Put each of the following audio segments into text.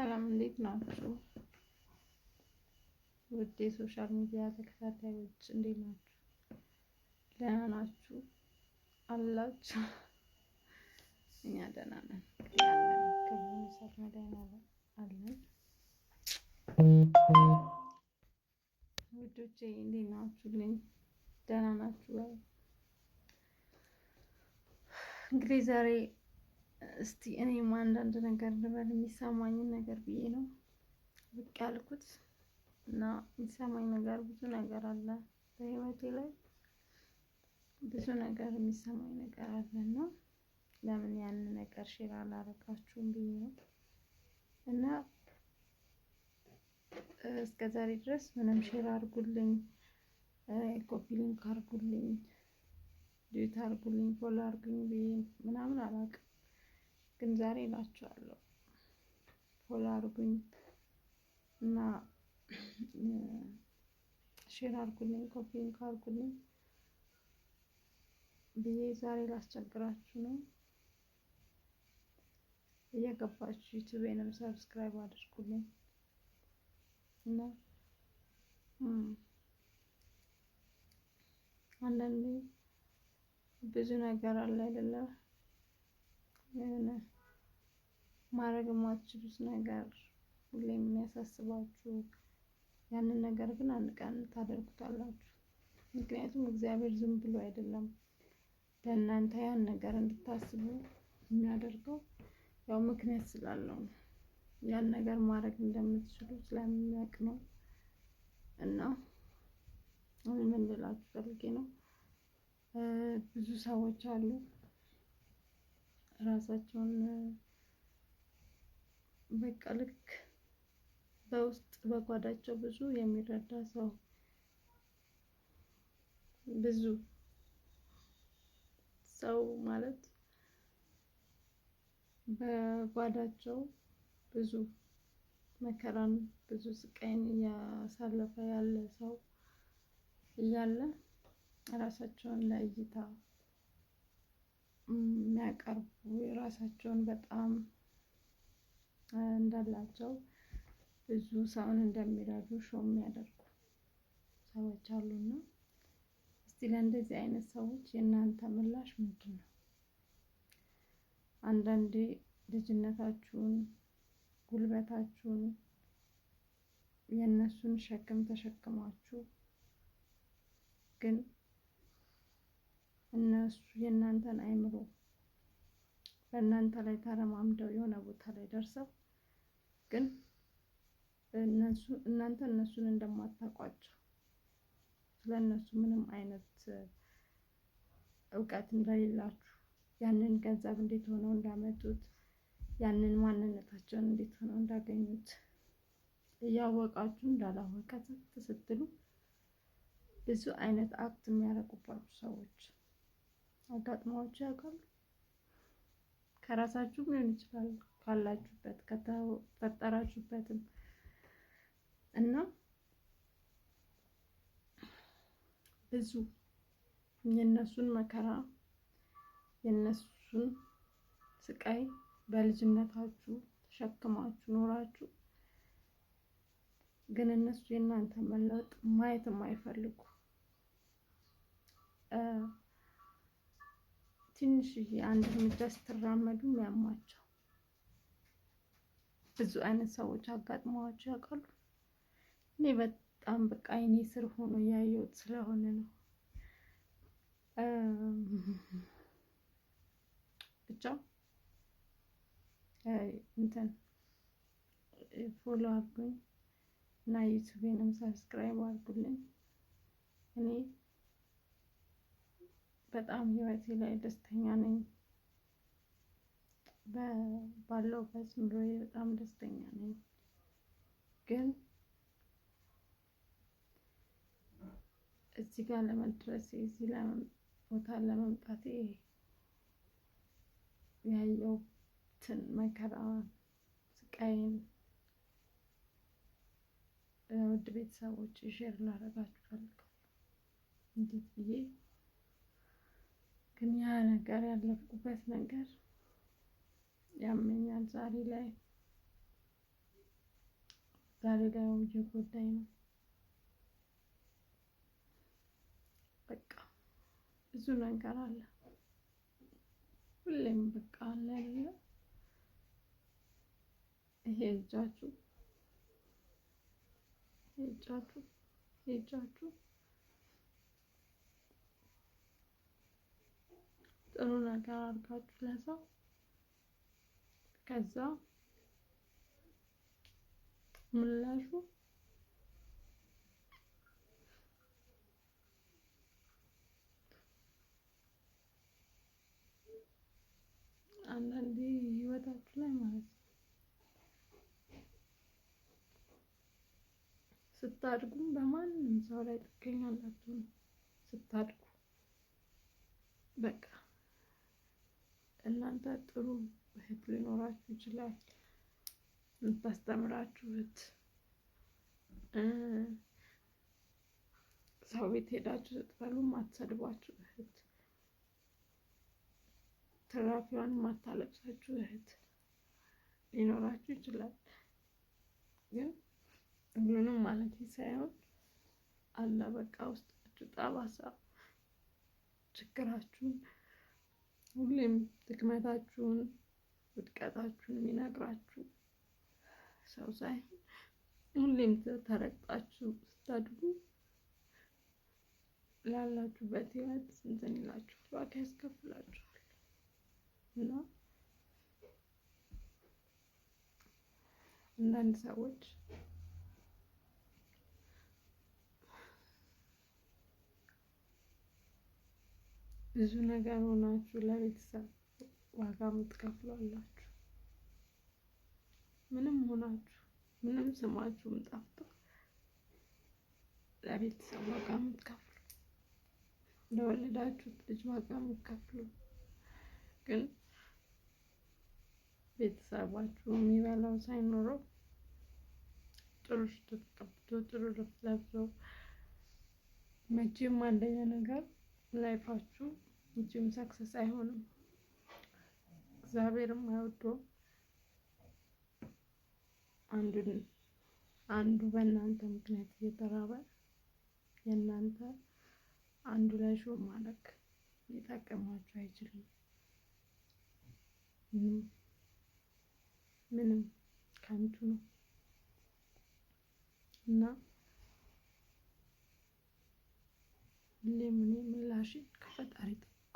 ሰላም እንዴት ናችሁ? ውድ የሶሻል ሚዲያ ተከታታዮች እንዴት ናችሁ? ደህና ናችሁ አላችሁ? እኛ ደህና ነን ከሰት መድኃኒዓለም አለን። ውዶቼ እንዴት ናችሁልኝ? ደህና ናችሁ? እንግዲህ ዛሬ እስቲ እኔም አንዳንድ ነገር ልበል የሚሰማኝን ነገር ብዬ ነው ብቅ ያልኩት እና የሚሰማኝ ነገር ብዙ ነገር አለ በህይወቴ ላይ ብዙ ነገር የሚሰማኝ ነገር አለ እና ለምን ያንን ነገር ሼር አላረጋችሁም ብዬ ነው እና እስከ ዛሬ ድረስ ምንም ሼር አርጉልኝ፣ ኮፒ ሊንክ አርጉልኝ፣ ዲዩት አርጉልኝ፣ ፎሎ አርጉኝ ብዬ ምናምን አላውቅም። ግን ዛሬ እላችኋለሁ ፎሎ አድርጉኝ እና ሼር አድርጉልኝ፣ ኮፒንግ አድርጉልኝ ብዬ ዛሬ ላስቸግራችሁ ነው። እየገባችሁ ዩቱቤንም ሰብስክራይብ አድርጉልኝ እና አንዳንዴ ብዙ ነገር አለ አይደለም የሆነ ማድረግ የማትችሉት ነገር ሁሌ የሚያሳስባችሁ ያንን ነገር ግን አንድ ቀን ታደርጉታላችሁ። ምክንያቱም እግዚአብሔር ዝም ብሎ አይደለም ለእናንተ ያን ነገር እንድታስቡ የሚያደርገው ያው ምክንያት ስላለው ነው። ያን ነገር ማድረግ እንደምትችሉ ስለሚያውቅ ነው። እና ምን ልላችሁ ፈልጌ ነው ብዙ ሰዎች አሉ ራሳቸውን በቃ ልክ በውስጥ በጓዳቸው ብዙ የሚረዳ ሰው ብዙ ሰው ማለት በጓዳቸው ብዙ መከራን ብዙ ስቃይን እያሳለፈ ያለ ሰው እያለ ራሳቸውን ለእይታ የሚያቀርቡ የራሳቸውን በጣም እንዳላቸው ብዙ ሰውን እንደሚረዱ ሾው የሚያደርጉ ሰዎች አሉና እስቲ ለእንደዚህ አይነት ሰዎች የእናንተ ምላሽ ምንድን ነው? አንዳንዴ ልጅነታችሁን፣ ጉልበታችሁን የእነሱን ሸክም ተሸክማችሁ ግን እነሱ የእናንተን አይምሮ በእናንተ ላይ ተረማምደው የሆነ ቦታ ላይ ደርሰው ግን እነሱ እናንተ እነሱን እንደማታውቋቸው ስለ እነሱ ምንም አይነት እውቀት እንደሌላችሁ ያንን ገንዘብ እንዴት ሆነው እንዳመጡት ያንን ማንነታቸውን እንዴት ሆነው እንዳገኙት እያወቃችሁ እንዳላወቀ ስትሉ ብዙ አይነት አክት የሚያደርጉባችሁ ሰዎች አጋጥሟችሁ ያውቃሉ? ከራሳችሁ ሊሆን ይችላል ካላችሁበት ከተፈጠራችሁበትም እና ብዙ የእነሱን መከራ የእነሱን ስቃይ በልጅነታችሁ ተሸክማችሁ ኖራችሁ ግን እነሱ የእናንተ መለወጥ ማየት አይፈልጉ ትንሽዬ አንድ እርምጃ ስትራመዱ የሚያማቸው ብዙ አይነት ሰዎች አጋጥመዋቸው ያውቃሉ? እኔ በጣም በቃ አይኔ ስር ሆኖ ያየሁት ስለሆነ ነው። ብቻ እንትን ፎሎ አድርጉኝ እና ዩቱቤንም ሰብስክራይብ አድርጉልኝ። በጣም ህይወቴ ላይ ደስተኛ ነኝ። ባለሁበት ኑሮዬ በጣም ደስተኛ ነኝ። ግን እዚህ ጋር ለመድረሴ እዚህ ቦታ ለመምጣቴ ያየሁትን መከራ ስቃይን ውድ ቤተሰቦች ሼር እናደርጋችሁ ፈልጋለሁ እንዴት ብዬ ግን ያ ነገር ያለፍኩበት ነገር ያመኛል ዛሬ ላይ ዛሬ ላይ እየጎዳኝ ነው። በቃ ብዙ ነገር አለ። ሁሌም በቃ አለ አይደለ? ይሄ እጃችሁ እጃችሁ እጃችሁ ጥሩ ነገር አድርጋችሁ ለሰው ከዛ ምላሹ አንዳንዴ ህይወታችሁ ላይ ማለት ነው ስታድጉም በማንም ሰው ላይ ጥገኛ ስታድጉ በቃ እናንተ ጥሩ እህት ሊኖራችሁ ይችላል። የምታስተምራችሁ እህት፣ ሰው ቤት ሄዳችሁ ስትበሉ የማትሰድባችሁ እህት፣ ትራፊዋን ማታለብሳችሁ እህት ሊኖራችሁ ይችላል። ግን ሁሉንም ማለት ሳይሆን አለ በቃ ውስጣችሁ ጠባሳ ችግራችሁን ሁሌም ድክመታችሁን፣ ውድቀታችሁን የሚነግራችሁ ሰው ሳይሆን ሁሌም ተረግጣችሁ ስታድጉ ላላችሁበት ህይወት እንትን ይላችሁ ዋጋ ያስከፍላችኋል እና አንዳንድ ሰዎች ብዙ ነገር ሆናችሁ ለቤተሰብ ዋጋ የምትከፍሉ አላችሁ። ምንም ሆናችሁ ምንም ስማችሁም ጠፍቶ ለቤተሰብ ዋጋ የምትከፍሉ ለወለዳችሁት ልጅ ዋጋ የምትከፍሉ ግን ቤተሰባችሁ የሚበላው ሳይኖረው ጥሩ ሽቶ ተቀብቶ ጥሩ ልብስ ለብሶ መቼም አንደኛ ነገር ላይፋችሁ መቼም ሰክሰስ አይሆንም። እግዚአብሔርም አይወደውም። አንዱን አንዱ በእናንተ ምክንያት እየተራበ የእናንተ አንዱ ላይ ሾ ማለክ ሊጠቅማችሁ አይችልም። ምንም ከንቱ ነው እና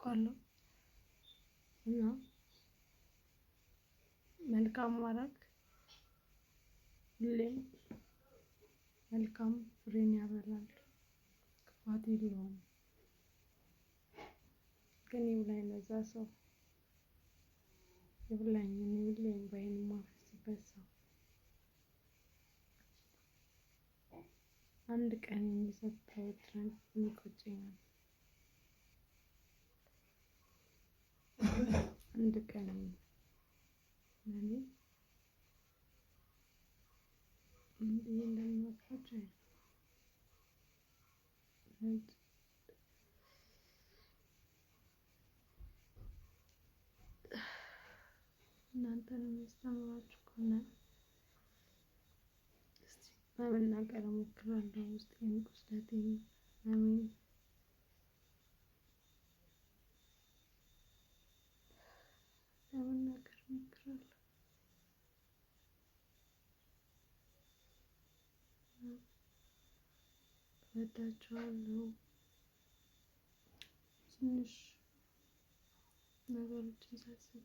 አውቃለሁ። እና መልካም ማድረግ ሁሌም መልካም ፍሬን ያበላል፣ ክፋት የለውም። ግን ይብላኝ ለዛ ሰው ይብላኝ፣ እኔ ሁሌም ባይን የማፈስበት ሰው አንድ ቀን የሚሰጠው ትራንስ የሚቆጨኛል እንድቀናኝ ነው። ይህ እንደሚመስላችሁ እናንተ ነው የሚያስተምራችሁ ከሆነ በመናገር እሞክራለሁ ውስጥ የሚቁስለቴ አሜን ለመናገር ሞክራለሁ። እወዳቸዋለሁ። ትንሽ ነገሮችን ሳስብ